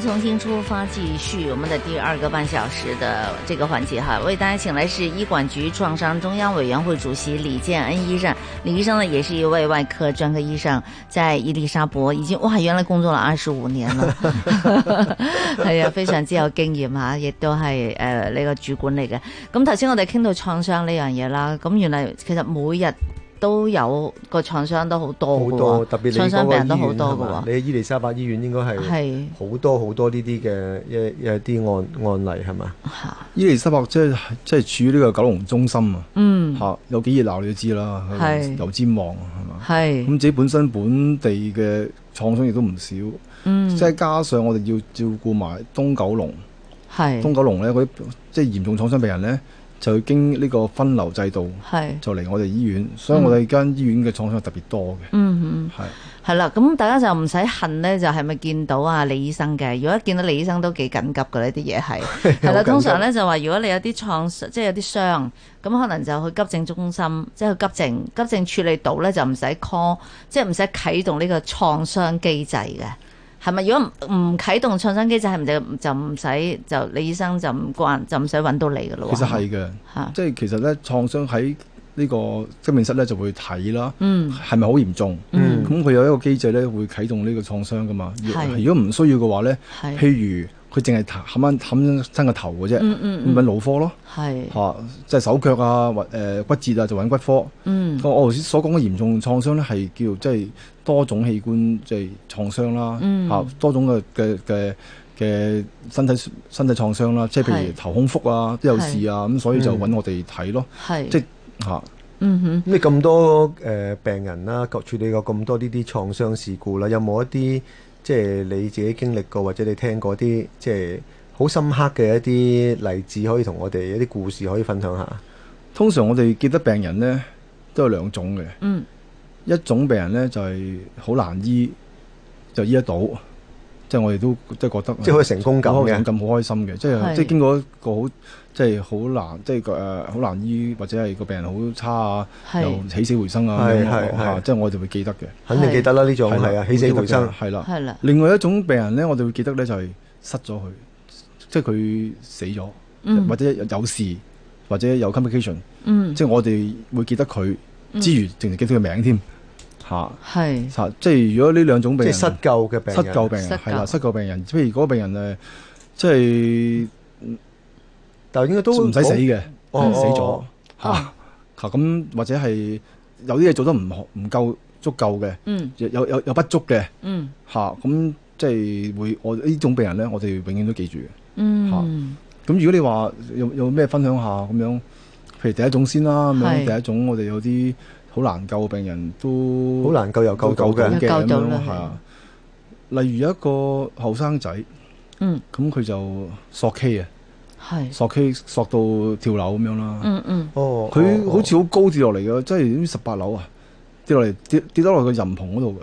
重新出發，繼續我們的第二個半小時的這個環節哈，為大家請來是醫管局創傷中央委員會主席李建恩醫生，李醫生呢也是一位外科專科醫生，在伊利沙伯已經哇原來工作了二十五年啦， 哎呀，非常之有經驗哈、啊，亦都係誒呢個主管嚟嘅。咁頭先我哋傾到創傷呢樣嘢啦，咁原來其實每日。都有個創傷都好多好多特別喎，創傷病人都好多嘅喎。你喺伊利沙伯醫院應該係好多好多呢啲嘅一一啲案案例係嘛？嚇！伊利沙伯即係即係處於呢個九龍中心啊，嚇，有幾熱鬧你都知啦，油尖旺係嘛？係咁，自己本身本地嘅創傷亦都唔少，嗯，即係加上我哋要照顧埋東九龍，係東九龍咧，啲即係嚴重創傷病人咧。就經呢個分流制度，是就嚟我哋醫院，所以我哋間醫院嘅創傷特別多嘅。嗯嗯哼，係係啦，咁大家就唔使恨呢，就係、是、咪見到阿李醫生嘅？如果一見到李醫生都幾緊急嘅呢啲嘢係。係啦 急，通常呢，就話，如果你有啲創傷，即係有啲傷，咁可能就去急症中心，即係去急症，急症處理到呢，就唔使 call，即係唔使啟動呢個創傷機制嘅。係咪？如果唔啟動創傷機制，係唔就唔就唔使就李醫生就唔關，就唔使揾到你嘅咯、啊。其實係嘅，嚇，即係其實咧創傷喺呢個急症室咧就會睇啦，係咪好嚴重？咁佢、嗯、有一個機制咧會啟動呢個創傷㗎嘛。是如果唔需要嘅話咧，譬如。佢淨係冚翻冚親個頭嘅啫，揾腦、嗯嗯嗯、科咯，嚇是，即係、啊就是、手腳啊或誒、呃、骨折啊就揾骨科。嗯、我我頭先所講嘅嚴重創傷咧，係叫即係多種器官即係創傷啦、啊，嚇、嗯啊、多種嘅嘅嘅嘅身體身體創傷啦、啊，即係譬如頭胸腹啊、是都有事啊，咁所以就揾我哋睇咯。即嚇、嗯，咁你咁多誒病人啦、啊，各處理過咁多呢啲創傷事故啦，有冇一啲？即係你自己經歷過，或者你聽過啲即係好深刻嘅一啲例子，可以同我哋一啲故事可以分享下。通常我哋見得病人呢，都有兩種嘅，嗯、一種病人呢，就係、是、好難醫，就醫得到。即係我哋都即係覺得即係好成功感嘅，好開心嘅。即係即係經過一個好即係好難，即係誒好難醫或者係個病人好差啊，又起死回生啊，即係我哋會記得嘅。肯定記得啦，呢種係啊，起死回生係啦。係啦。另外一種病人咧，我哋會記得咧就係失咗佢，即係佢死咗，或者有事或者有 complication。嗯。即係我哋會記得佢之餘，仲要記得佢名添。吓，係即係如果呢兩種病即係失救嘅病人，係啦，失救病人，譬如嗰個病人咧，即係但係應該都唔使死嘅，死咗，吓，吓咁或者係有啲嘢做得唔唔夠足夠嘅，嗯，有有有不足嘅，嗯，吓咁即係會，我呢種病人咧，我哋永遠都記住嘅，嗯，吓，咁如果你話有有咩分享下咁樣，譬如第一種先啦，咁樣第一種我哋有啲。好難救，病人都好難救，救，救，又救到嘅咁樣吓。例如一個後生仔，嗯，咁佢、嗯、就索 K 啊是，係索 K 索到跳樓咁樣啦、嗯。嗯嗯、哦，哦，佢好似好高跌落嚟嘅，哦、即係十八樓啊，跌落嚟跌跌咗落個檐篷嗰度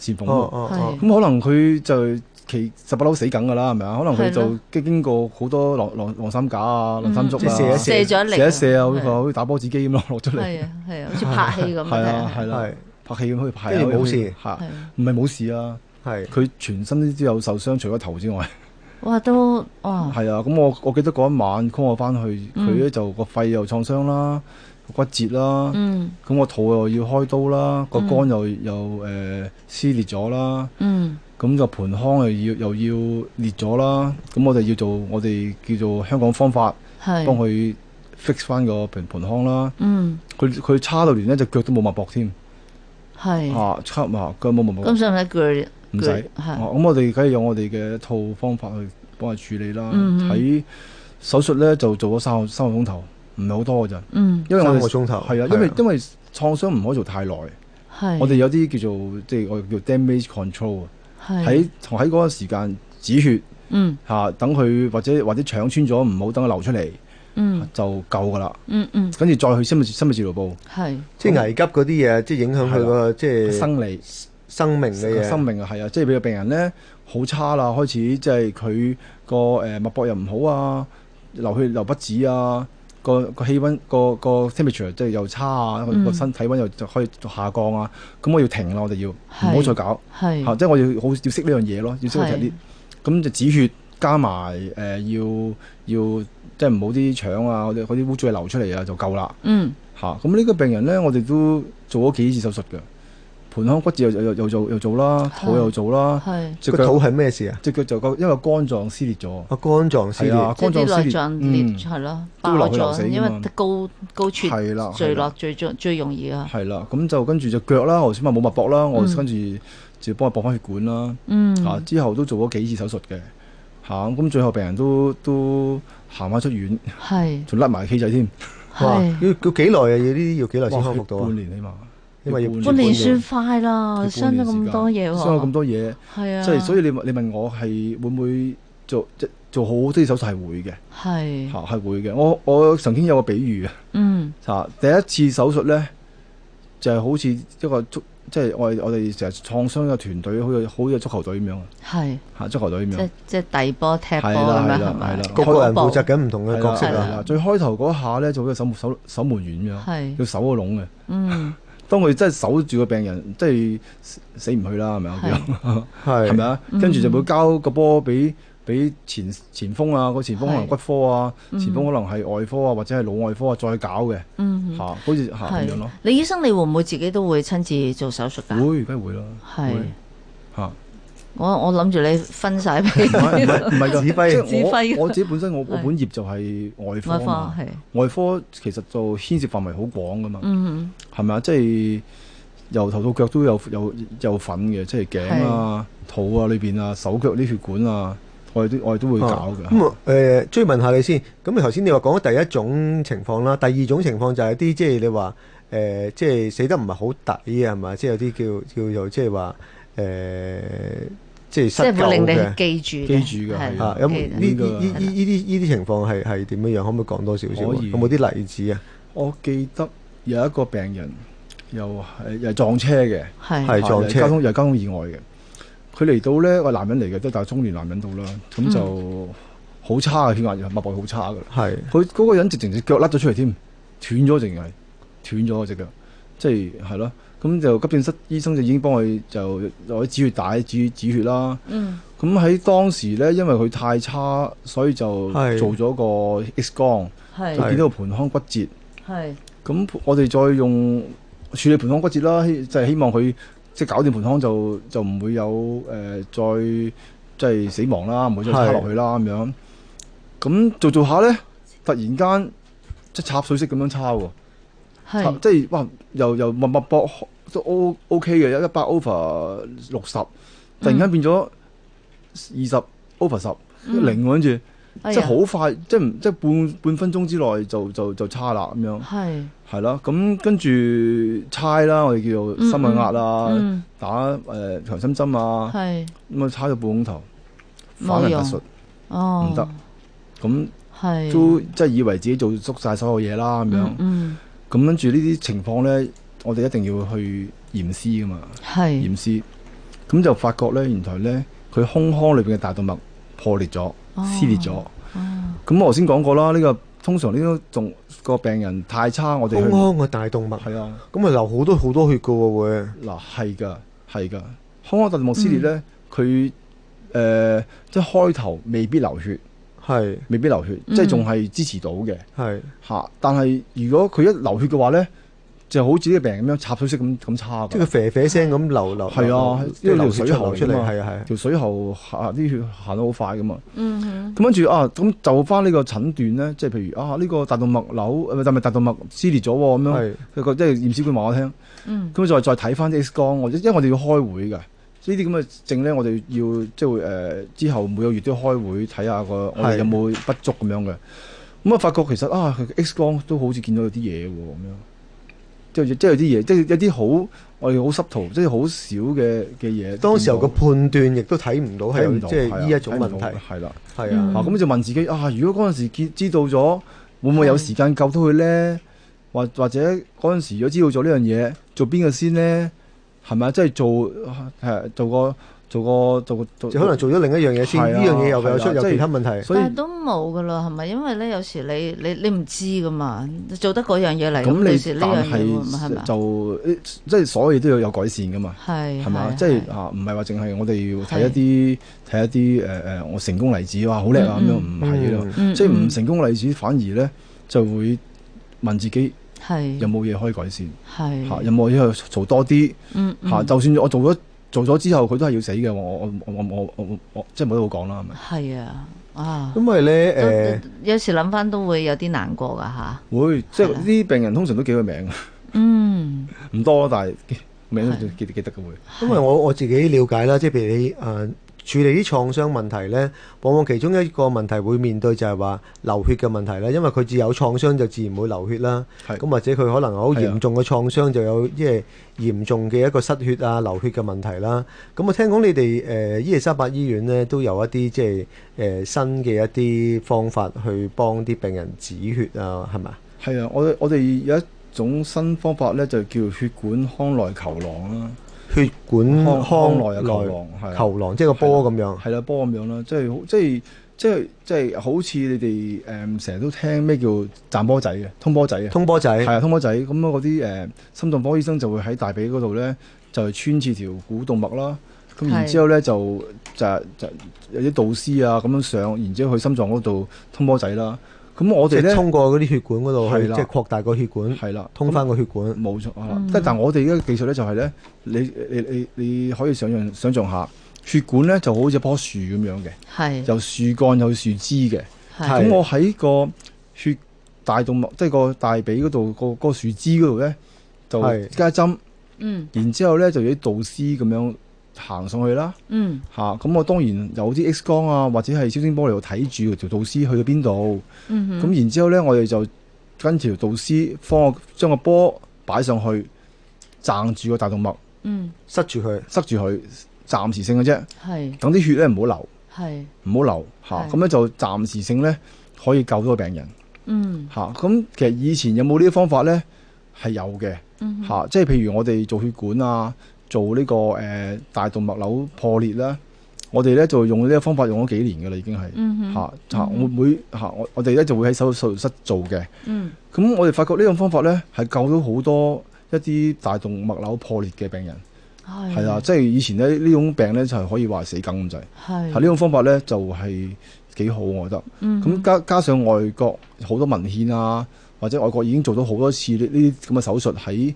嘅檐篷。哦哦，咁、嗯、是可能佢就是。其實不嬲死梗噶啦，係咪啊？可能佢就經經過好多晾晾晾衫架、啊，晾衫竹啊，射一射，射一射啊，好似打波子機咁咯，落咗嚟。係啊，係啊，好似拍戲咁。係啊，係啦，拍戲咁可以拍。跟住冇事吓，唔係冇事啊。係佢全身都有受傷，除咗頭之外，哇！都哦。係啊，咁我我記得嗰一晚 call 我翻去，佢咧就個肺又創傷啦，骨折啦。嗯。咁我肚又要開刀啦，個肝又又誒撕裂咗啦。嗯。咁就盆腔又要又要裂咗啦，咁我哋要做我哋叫做香港方法，幫佢 fix 翻個盆腔啦。嗯，佢佢差到連一隻腳都冇脈搏添。係啊，差啊，佢冇脈搏。咁想問一句，唔使係。咁我哋梗係用我哋嘅一套方法去幫佢處理啦。喺手術咧就做咗三個三個鐘頭，唔係好多咋。嗯，因為我哋三個鐘頭，因為因為創傷唔可以做太耐。係，我哋有啲叫做即係我哋叫 damage control 啊。喺喺嗰個時間止血，吓、嗯啊、等佢或者或者腸穿咗，唔好等佢流出嚟，嗯啊，就夠噶啦。嗯嗯，跟住再去深切深切治療部。係即係危急嗰啲嘢，即係影響佢個即係生理生命嘅生命啊，係啊，即係俾個病人咧好差啦，開始即係佢個誒脈搏又唔好啊，流血流不止啊。個個氣温個個 temperature 即係又差啊！個、嗯、身體温又就可以下降啊！咁我要停啦，我哋要唔好是再搞，嚇是！是即係我要好要識呢樣嘢咯，要識啲咁就止血加埋誒、呃，要要即係唔好啲腸啊，嗰啲污濁流出嚟啊，就夠啦。嚇！咁呢個病人咧，我哋都做咗幾次手術嘅。盆腔骨折又又又又做又做啦，肚又做啦，隻腳係咩事啊？隻腳就個因為肝臟撕裂咗啊！肝臟撕裂，肝臟撕裂，跌係咯，爆咗，因為高高處係啦，墜落最最最容易啊！係啦，咁就跟住隻腳啦，我頭先咪冇脈搏啦，我跟住就幫佢搏翻血管啦。嗯，啊之後都做咗幾次手術嘅，吓咁最後病人都都行翻出院，係仲甩埋器仔添，哇！要要幾耐啊？要呢啲要幾耐先康復到啊？半年起碼。半年算快啦，傷咗咁多嘢喎！傷咗咁多嘢，係啊！即係所以你問你問我係會唔會做即做好啲手術，係會嘅，係嚇係會嘅。我我曾經有個比喻嘅，嗯第一次手術咧就係好似一個足即係我我哋成日創傷嘅團隊，好似好似足球隊咁樣啊，係嚇足球隊咁樣，即即係遞波踢波咁樣係嘛？個個人負責緊唔同嘅角色啊！最開頭嗰下咧做個守守守門員咁樣，係要守個籠嘅，嗯。當佢真係守住個病人，即係死唔去啦，係咪啊？係是，咪啊 是？Mm hmm. 跟住就會交個波俾俾前前鋒啊，個前鋒可能骨科啊，mm hmm. 前鋒可能係外科啊，或者係腦外科啊，再搞嘅。嗯、mm，嚇、hmm. 啊，好似嚇咁樣咯。李醫生，你會唔會自己都會親自做手術㗎？會，梗係會啦。係嚇是。我我諗住你分晒俾，唔係唔係噶指揮，指揮我我自己本身我我本業就係外科嘛，外科外科其實就牽涉範圍好廣噶嘛，係咪啊？即係由頭到腳都有有有份嘅，即係頸啊、肚啊裏邊啊、手腳啲血管啊，我哋都我哋都會搞嘅。咁追問下你先。咁頭先你話講第一種情況啦，第二種情況就係啲即係你話誒，即係死得唔係好抵啊？係咪？即係有啲叫叫做即係話誒。就是即係令你記住嘅，記住嘅，係啊！有冇呢呢呢呢啲呢啲情況係係點樣樣？可唔可以講多少少？可以，有冇啲例子啊？我記得有一個病人，又係又係撞車嘅，係撞車，交通又係交通意外嘅。佢嚟到呢個男人嚟嘅都係中年男人度啦，咁就好差嘅血壓，脈搏好差嘅。係佢嗰個人直情隻腳甩咗出嚟添，斷咗，淨係斷咗隻腳。即係係咯，咁就急症室醫生就已經幫佢就攞啲止血帶止止血啦。嗯。咁喺當時咧，因為佢太差，所以就做咗個 X 光，的就見到盆腔骨折。係的。咁我哋再用處理盆腔骨折啦，的就係希望佢即係搞掂盆腔就就唔會有誒、呃、再即係、就是、死亡啦，唔會再差落去啦咁的樣。咁做做下咧，突然間即插水式咁樣差喎、啊。即係哇，又又默默搏都 O O K 嘅，一一百 over 六十，突然間變咗二十 over 十零，跟住即係好快，即係即係半半分鐘之內就就就差啦咁樣。係係啦，咁跟住猜啦，我哋叫做心外壓啦，打誒強心針啊，咁啊猜咗半鐘頭，反人術哦唔得，咁都即係以為自己做足晒所有嘢啦咁樣。咁跟住呢啲情況咧，我哋一定要去驗屍噶嘛。係驗屍，咁就發覺咧，原來咧佢胸腔裏邊嘅大動脈破裂咗、哦、撕裂咗。哦，咁我頭先講過啦，呢、這個通常呢啲仲個病人太差，我哋胸腔嘅大動脈係啊，咁咪流好多好多血嘅喎。嗱係㗎，係㗎、嗯，胸腔大動脈撕裂咧，佢誒、呃、即係開頭未必流血。係，未必流血，即係仲係支持到嘅。係，吓，但係如果佢一流血嘅話咧，就好似啲病人咁樣插水式咁咁差，即係肥肥聲咁流流。係啊，流水喉出嚟，係啊係，條水喉啲血行得好快噶嘛。嗯，咁跟住啊，咁就翻呢個診斷咧，即係譬如啊呢個大動脈瘤，誒，咪大動脈撕裂咗咁樣，佢個即係驗屍官話我聽。嗯，咁再再睇翻啲 X 光，我因為我哋要開會嘅。呢啲咁嘅症咧，我哋要即係會誒之後每個月都開會睇下個我哋有冇不足咁樣嘅。咁啊對發覺其實啊佢 X 光都好似見到有啲嘢喎咁樣，即係即係有啲嘢，即係有啲好我哋好濕圖，即係好少嘅嘅嘢。當時候個判斷亦都睇唔到係有、啊、即係呢一種問題。係啦，係啊。咁就問自己啊，如果嗰陣時知道咗，會唔會有時間救到佢咧？或或者嗰陣時如果知道咗呢樣嘢，做邊個先呢？」係咪啊？即係做，係做過做過做過，就可能做咗另一樣嘢先。呢樣嘢又有出即係其他問題。但係都冇噶啦，係咪？因為咧有時你你你唔知噶嘛，做得嗰樣嘢嚟。咁你但係就即係所有都要有改善噶嘛？係係嘛？即係啊，唔係話淨係我哋要睇一啲睇一啲誒誒，我成功例子哇好叻啊咁樣，唔係咯。即係唔成功例子反而咧就會問自己。是有冇嘢可以改善？嚇是，有冇嘢做多啲？嚇、嗯嗯，就算我做咗做咗之後，佢都係要死嘅。我我我我我我即係冇得好講啦，係咪？係啊，啊。因為咧誒、呃，有時諗翻都會有啲難過噶嚇。啊、會，即係啲病人通常都叫佢名、啊、 嗯，唔多，但係名都仲記記得嘅會。是因為我我自己了解啦，即係譬如你誒。呃處理啲創傷問題呢，往往其中一個問題會面對就係話流血嘅問題啦，因為佢自有創傷就自然會流血啦。咁是或者佢可能好嚴重嘅創傷、啊、就有即係、就是、嚴重嘅一個失血啊流血嘅問題啦、啊。咁我聽講你哋誒伊麗莎白醫院呢，都有一啲即係誒新嘅一啲方法去幫啲病人止血啊，係咪啊？係啊，我我哋有一種新方法呢，就叫血管腔內球囊啦。血管腔，腔內啊，球囊，球囊，即係個波咁樣，係、就、啦、是，波咁樣啦，即係即係即係即係好似你哋誒成日都聽咩叫攢波仔嘅，通波仔，通波仔啊，通波仔，係、嗯嗯就是、啊，通波仔，咁嗰啲誒心臟科醫生就會喺大髀嗰度咧，就穿刺條股動脈啦，咁然之後咧就就就有啲導師啊咁樣上，然之後去心臟嗰度通波仔啦。咁我哋咧，通過嗰啲血管嗰度，的即係擴大個血管，係啦的，通翻個血管，冇錯啊！即係，但係我哋而家技術咧，就係咧，你你你你可以想象想象下，血管咧就好似一棵樹咁樣嘅，係的由樹幹有樹枝嘅，咁的我喺個血大動脈，即係個大髀嗰度，個個樹枝嗰度咧，就係加針，的嗯，然之後咧就有啲導絲咁樣。行上去啦，嚇、嗯！咁我、啊嗯、當然有啲 X 光啊，或者係超聲波嚟到睇住條導絲去到邊度，咁然之後呢，我哋就跟條導絲幫我將個波擺上去掙住個大動脈、嗯，塞住佢，塞住佢，暫、嗯、時性嘅啫，等啲血咧唔好流，唔好流嚇，咁咧就暫時性呢，可以救到個病人，嚇、嗯！咁、啊啊嗯、其實以前有冇呢啲方法呢？係有嘅，嚇！即係譬如我哋做血管啊。嗯。做呢、這個誒、呃、大動脈瘤破裂啦，我哋咧就用呢個方法用咗幾年㗎喇，已經係嚇嚇，我每嚇我我哋咧就會喺手手術室做嘅。嗯，咁我哋發覺呢種方法咧係救到好多一啲大動脈瘤破裂嘅病人，係是啊，即係以前咧呢種病咧就係可以話死梗咁滯，係係呢種方法咧就係、是、幾好，我覺得。咁、嗯、哼加加上外國好多文獻啊，或者外國已經做咗好多次呢啲咁嘅手術喺。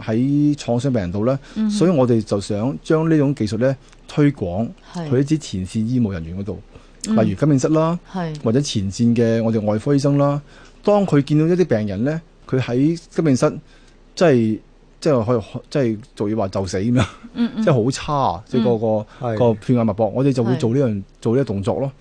喺創傷病人度咧，嗯、哼所以我哋就想將呢種技術咧推廣去一啲前線醫務人員嗰度，是例如急症室啦，是或者前線嘅我哋外科醫生啦，當佢見到一啲病人咧，佢喺急症室即係即係可以即係做嘢話就死咁樣，即係好差，嗯嗯即係、嗰個是個血壓脈搏，我哋就會做呢樣是做呢個動作咯，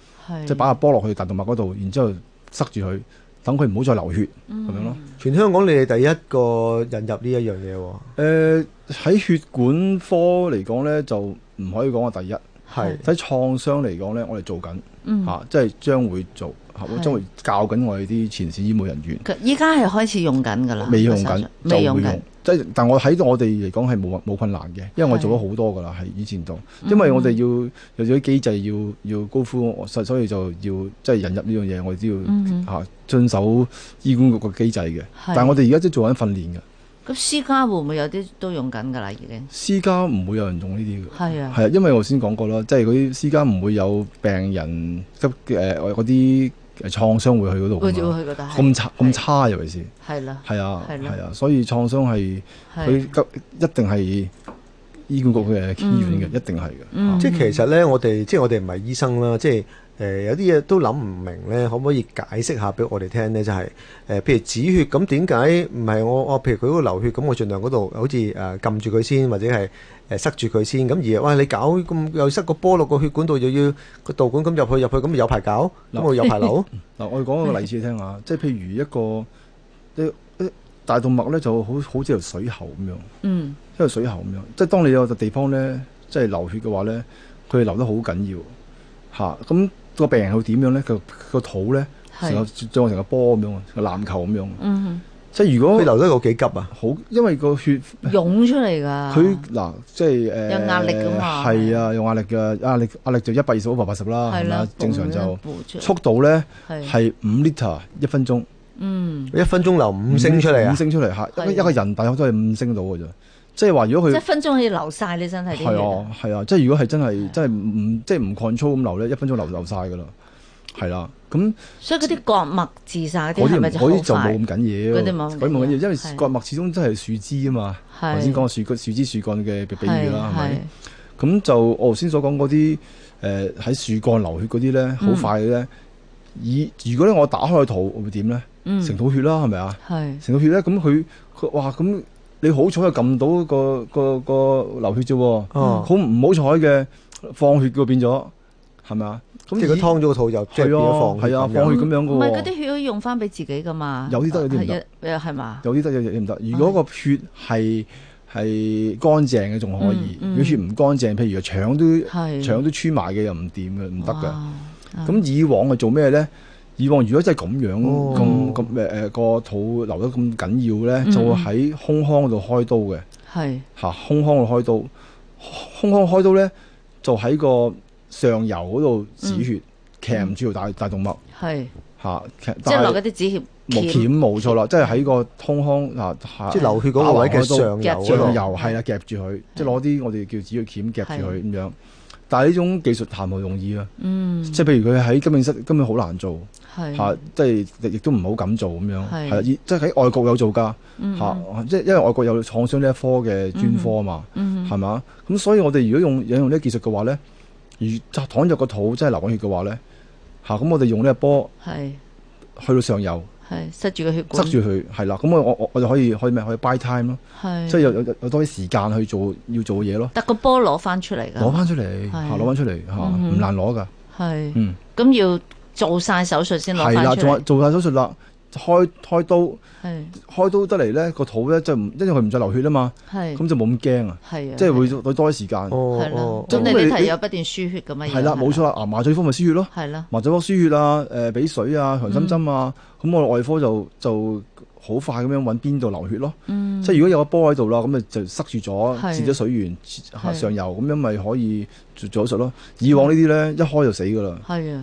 即係擺個波落去大動脈嗰度，然之後，後塞住佢。等佢唔好再流血咁、嗯、樣咯。全香港你係第一個引入呢一樣嘢喎。喺、呃、血管科嚟講咧，就唔可以講我第一。係喺是創傷嚟講咧，我哋做緊嚇、嗯啊，即係將會做，我是將會教緊我哋啲前線醫務人員。依家係開始用緊㗎啦，未用緊，未用緊。即係，但我喺度我哋嚟講係冇冇困難嘅，因為我做咗好多噶啦，係的以前度。因為我哋要有咗機制要，要、嗯、哼要高呼，所以就要即係引入呢樣嘢，我哋都要嚇、嗯、哼遵守醫管局嘅機制嘅。的但係我哋而家都做緊訓練嘅。咁私家會唔會有啲都用緊㗎啦？已經私家唔會有人用呢啲嘅，係啊的，係啊，因為我先講過啦，即係嗰啲私家唔會有病人急誒啲。呃誒，創傷會去嗰度，咁差咁差，尤其是。係啦，係啊，係啊，所以創傷係佢一定係醫管局嘅醫院嘅，一定係嘅。即係其實咧，我哋即係我哋唔係醫生啦，即係誒有啲嘢都諗唔明咧，可唔可以解釋下俾我哋聽咧？就係誒，譬如止血，咁點解唔係我我譬如佢嗰個流血，咁我盡量嗰度好似誒撳住佢先，或者係。塞住佢先，咁而哇你搞咁又塞個波落個血管度，又要個導管咁入去入去，咁咪有排搞，咁咪有排流。嗱， 我哋講一個例子聽下，即係譬如一個即啲大動脈咧，就好好似條水喉咁樣，嗯，因為水喉咁樣，即係當你有個地方咧，即係流血嘅話咧，佢流得好緊要，嚇，咁個病人會點樣咧？佢個肚咧成個脹成個波咁樣，個籃球咁樣。是嗯即係如果佢流得有幾急啊？好，因為個血湧出嚟㗎。佢嗱、嗯，即係誒，有壓力㗎嘛？係啊，有壓力㗎，壓力壓力就一百二十、一百八十啦，係嘛？正常就速度咧係五 liter 一分鐘，嗯的的，一分鐘流五升出嚟，五升出嚟嚇，一個人大約都係五升到㗎啫。即係話如果佢一分鐘可以流晒，你真係係啊即係如果係真係真係唔即係唔 control 咁流咧，一分鐘流流晒㗎啦。係啦，咁所以嗰啲割脈自殺啲咪就好快。啲就冇咁緊要，嗰啲冇，冇咁緊要，因為割脈始終真係樹枝啊嘛。我先講個樹樹枝、樹幹嘅比喻啦，係咪？咁就我頭先所講嗰啲誒喺樹幹流血嗰啲咧，好快嘅咧。以如果咧我打開個肚，會點咧？成肚血啦，係咪啊？係成肚血咧，咁佢佢哇，咁你好彩啊，撳到個個個流血啫，哦，好唔好彩嘅放血嘅變咗，係咪啊？咁如果劏咗個肚又即係變放，係啊，放血咁樣噶喎。唔係嗰啲血可以用翻俾自己噶嘛？有啲得，有啲唔得，係嘛？有啲得，有啲唔得。如果個血係係乾淨嘅，仲可以；如血唔乾淨，譬如腸都腸都穿埋嘅，又唔掂嘅，唔得嘅。咁以往係做咩咧？以往如果真係咁樣咁咁誒誒個肚流得咁緊要咧，就會喺胸腔度開刀嘅。係嚇，胸腔度開刀，胸腔開刀咧，就喺個。上游嗰度止血，鉗住條大大動脈，係嚇，即係落嗰啲止血鉗，冇錯啦，即係喺個通腔嚇，即係流血嗰個位嘅上游，上游係啊，夾住佢，即係攞啲我哋叫止血鉗夾住佢咁樣。但係呢種技術談何容易啊？即係譬如佢喺金本室根本好難做，嚇，即係亦都唔好咁做咁樣。係，即係喺外國有做噶嚇，即係因為外國有創傷呢一科嘅專科啊嘛，係嘛？咁所以我哋如果用引用呢技術嘅話咧。如就躺入個肚，真係流緊血嘅話咧，嚇、啊、咁我哋用呢個波，係是去到上游，係塞住個血管，塞住佢，係啦，咁我我我就可以可以咩可以 buy time 咯是，係即係有有有多啲時間去做要做嘢咯。得個波攞翻出嚟噶，攞翻出嚟嚇，攞翻是、啊、出嚟嚇，唔是難攞噶，係是嗯，咁要做晒手術先攞翻，係啦，做做晒手術啦。開開刀，開刀得嚟咧個肚咧就唔，因為佢唔再流血啊嘛，咁就冇咁驚啊，即係會會多啲時間。即係你哋係有不斷輸血噶嘛？係啦，冇錯啦，麻醉科咪輸血咯，麻醉科輸血啊，誒，俾水啊，強心針啊，咁我外科就就好快咁樣揾邊度流血咯。即係如果有個波喺度啦，咁咪就塞住咗，截咗水源上游，咁樣咪可以做手術咯。以往呢啲咧一開就死噶啦，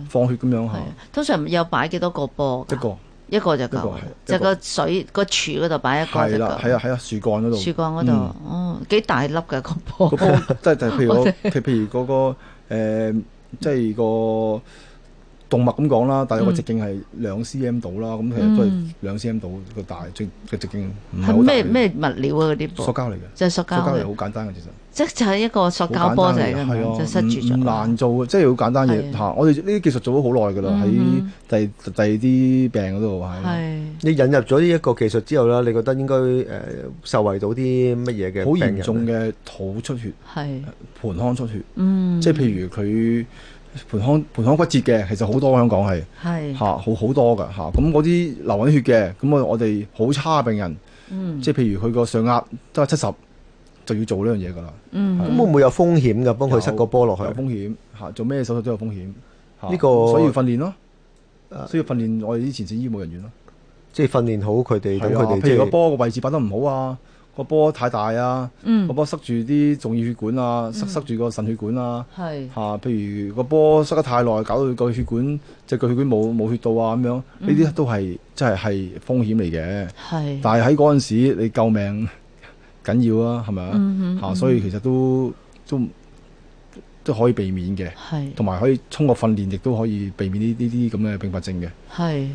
放血咁樣係。通常有擺幾多個波？一個。一個就夠，個就個水個柱嗰度擺一個就夠。係啦，係啊，喺啊，樹幹嗰度，樹幹嗰度，嗯、哦，幾大粒嘅個波？即係波 譬如我， 譬如嗰個即係個。呃，就是那個動物咁講啦，但係個直徑係兩 cm 度啦，咁其實都係兩 cm 度，個大最個直徑唔係好大。係咩咩物料啊？嗰啲塑膠嚟嘅，即係塑膠嚟，好簡單嘅其實。即係就係一個塑膠波就係咁，就塞住咗。唔難做嘅，即係好簡單嘢。吓。我哋呢啲技術做咗好耐㗎喇，喺第第二啲病嗰度係。你引入咗呢一個技術之後啦，你覺得應該誒受惠到啲乜嘢嘅？好嚴重嘅肚出血，係盆腔出血，即係譬如佢。盆腔盆腔骨折嘅，其實好多香港係，嚇是、啊、好好多嘅嚇。咁嗰啲流緊血嘅，咁我我哋好差嘅病人，嗯、即係譬如佢個上壓都係七十，就要做呢樣嘢㗎啦。咁會唔會有風險㗎？幫佢塞個波落去有，有風險，嚇、啊、做咩手術都有風險。呢、啊這個所以要訓練咯、啊，需、uh, 要訓練我哋啲前線醫務人員咯、啊，即係訓練好佢哋。佢哋譬如，即如個波個位置擺得唔好啊。個波太大啊！個波塞住啲重要血管啊，塞塞住個腎血管啊，嚇！譬如個波塞得太耐，搞到個血管即係個血管冇冇血到啊，咁樣呢啲都係即係係風險嚟嘅。係，但係喺嗰陣時你救命緊要啊，係咪啊？嚇！所以其實都都都可以避免嘅係，同埋可以通過訓練亦都可以避免呢呢啲咁嘅併發症嘅。係，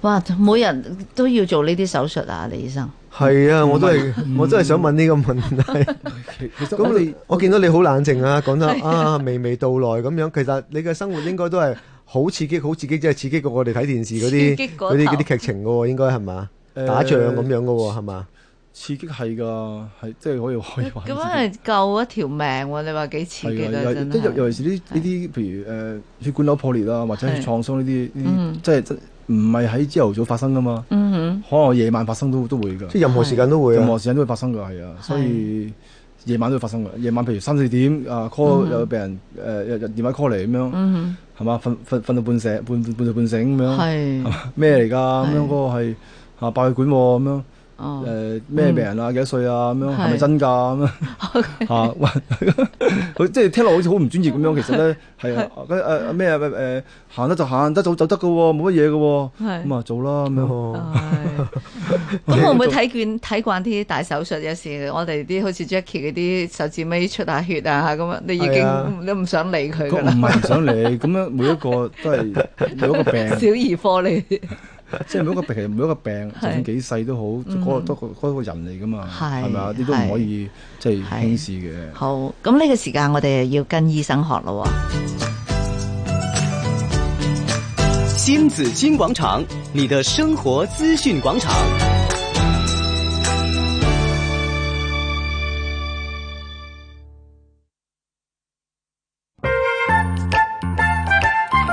哇！每人都要做呢啲手術啊，李醫生。係啊，我都係，我真係想問呢個問題。咁你，我見到你好冷靜啊，講得啊，娓娓道來咁樣。其實你嘅生活應該都係好刺激，好刺激，即係刺激過我哋睇電視嗰啲嗰啲嗰啲劇情噶，應該係嘛？打仗咁樣噶，係嘛？刺激係噶，係即係可以可以。咁係救一條命，你話幾刺激啊？真係。尤其是呢呢啲，譬如誒血管瘤破裂啊，或者係創傷呢啲，即係。唔係喺朝頭早發生噶嘛，嗯、哼可能夜晚發生都都會噶，即係任何時間都會、啊，任何時間都會發生噶，係啊，所以夜的晚都會發生噶、呃嗯哼呃，夜晚譬如三四點啊 call 有病人誒，又又電話 call 嚟咁樣，係嘛？嗯哼，瞓瞓瞓到半醒半半就半醒咁樣，係咩嚟㗎？咁樣嗰個係爆血管喎咁樣。哦，咩、嗯呃、病人啊，幾多歲啊？咁樣係咪是真㗎咁樣喂！佢即係聽落好似好唔專業咁樣，其實咧係啊，咩誒行得就行、哦，得、哦、是做就得嘅喎，冇乜嘢嘅喎，咁啊做啦咁樣。咁我會唔會睇慣睇慣啲大手術，有時我哋啲好似 Jackie 嗰啲手指尾出下血啊，咁啊，你已經你唔想理佢㗎唔係唔想理，咁樣每一個都係每一個病。 小兒科你。 即係每一個病，其實每一個病，就算幾細都好，的嗰個都嗰個人嚟噶嘛，係咪啊？你都唔可以即係輕視嘅。好，咁呢個時間我哋要跟醫生學咯。星子金廣場，你的生活資訊廣場。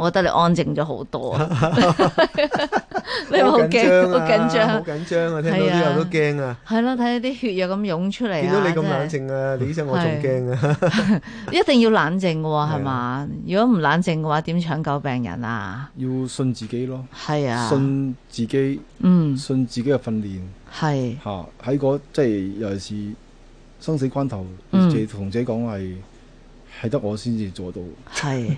我覺得你安靜咗好多啊！ 你好驚 緊張啊！好緊張啊！聽到之後都驚啊！係咯、啊，睇到啲血又咁湧出嚟、啊。見到你咁冷靜啊！你醫生我仲驚啊 ！ 一定要冷靜嘅喎、哦，係嘛、啊？如果唔冷靜嘅話，點搶救病人啊？要信自己咯，係啊信！信自己，嗯，信自己嘅訓練係嚇喺個即係尤其是生死關頭，謝同自己講係。係得我先至做到是，係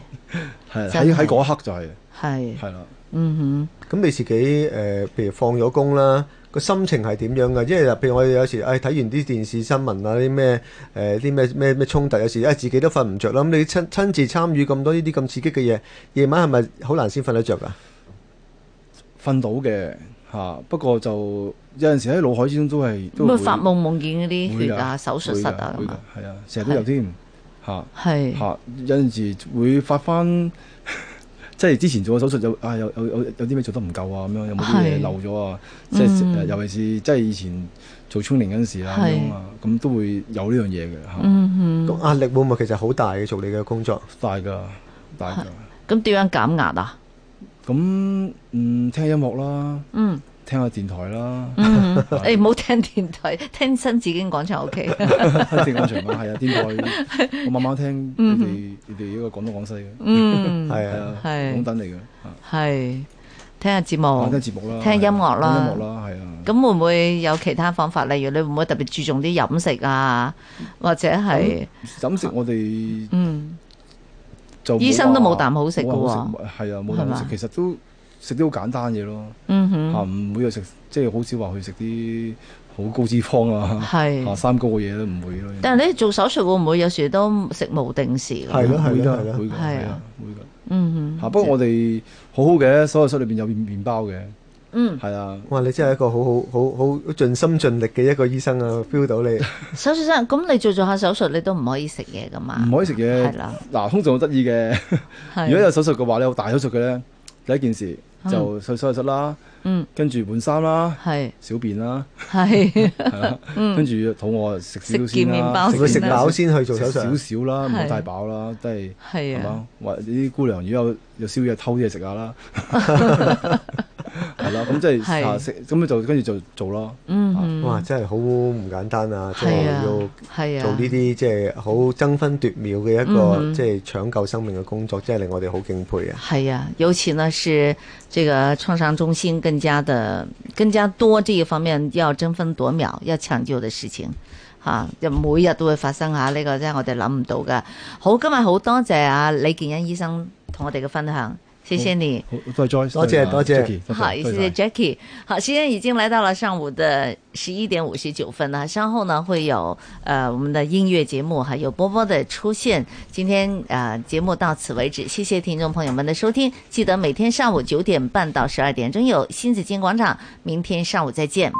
係喺喺嗰刻就係、是，係係啦，的嗯哼。咁你自己誒、呃，譬如放咗工啦，個心情係點樣嘅？即係譬如我哋有時誒睇、哎、完啲電視新聞啊，啲咩誒啲咩咩咩衝突有時誒、哎、自己都瞓唔着啦。咁你親親自參與咁多呢啲咁刺激嘅嘢，夜晚係咪好難先瞓得着㗎？瞓到嘅吓，不過就有陣時喺腦海之中都係都會發夢，夢見嗰啲血啊、手術室啊咁係啊，成日都有添。吓吓有陣時會發翻，即係之前做嘅手術有啊有有有有啲咩做得唔夠啊咁樣有冇啲嘢漏咗啊？有有啊是即係尤其是，尤其是即係以前做青年嗰陣時啦咁啊，咁是都會有呢樣嘢嘅吓。咁、啊、壓、嗯、哼力會唔會其實好大嘅做你嘅工作？大㗎，大㗎。咁點樣減壓啊？咁嗯，聽音樂啦。嗯。聽下電台啦，誒，唔好聽電台，聽新紫荊廣場 OK 新廣場，係啊，電台我慢慢聽，你你哋呢個廣東廣西嘅，嗯，係啊，係，同等嚟嘅，係，聽下節目，聽節目啦，聽音樂啦，音樂啦，係啊。咁會唔會有其他方法？例如你會唔會特別注重啲飲食啊？或者係飲食，我哋嗯，醫生都冇啖好食嘅喎，係啊，冇啖好食，其實都。食啲好簡單嘢咯，嚇唔會又食，即係好少話去食啲好高脂肪啊，嚇三高嘅嘢都唔會咯。但係你做手術會唔會有時都食無定時㗎？係咯，係咯，係咯，係啊，會㗎。嗯哼，不過我哋好好嘅手術室裏邊有麵包嘅，嗯，係啊。哇，你真係一個好好好好盡心盡力嘅一個醫生啊，feel 到你。手術生咁你做做下手術你都唔可以食嘢㗎嘛？唔可以食嘢。係啦。嗱，通常好得意嘅，如果有手術嘅話你有大手術嘅咧，第一件事。就洗洗浴室啦，跟住換衫啦，小便啦，係，跟住肚餓食少少先啦，食食飽先去做少少啦，唔好太飽啦，即係，係啊，或者啲姑娘如果有宵夜偷啲嘢食下啦。係咯，咁即係食，咁就跟住就做咯。嗯，嗯嗯哇，真係好唔簡單啊！係啊，係啊，做呢啲即係好爭分奪秒嘅一個即係搶救生命嘅工作，嗯、真係令我哋好敬佩啊！係啊，尤其呢，是這個創傷中心更加的更加多，這一方面要爭分奪秒要搶救嘅事情，吓、啊，就每日都會發生下呢、這個，即係我哋諗唔到噶。好，今日好多謝啊李建恩醫生同我哋嘅分享。謝謝你，再再、哦，多對謝，謝，多謝、啊，Jackie，好，也謝謝 Jackie。好，時間已經來到了上午的十一點五十九分了，稍後呢會有，呃，我們的音樂節目還有波波的出現。今天啊、呃，節目到此為止，謝謝聽眾朋友們的收聽，記得每天上午九點半到十二點鐘有新紫荊廣場，明天上午再見，拜，拜。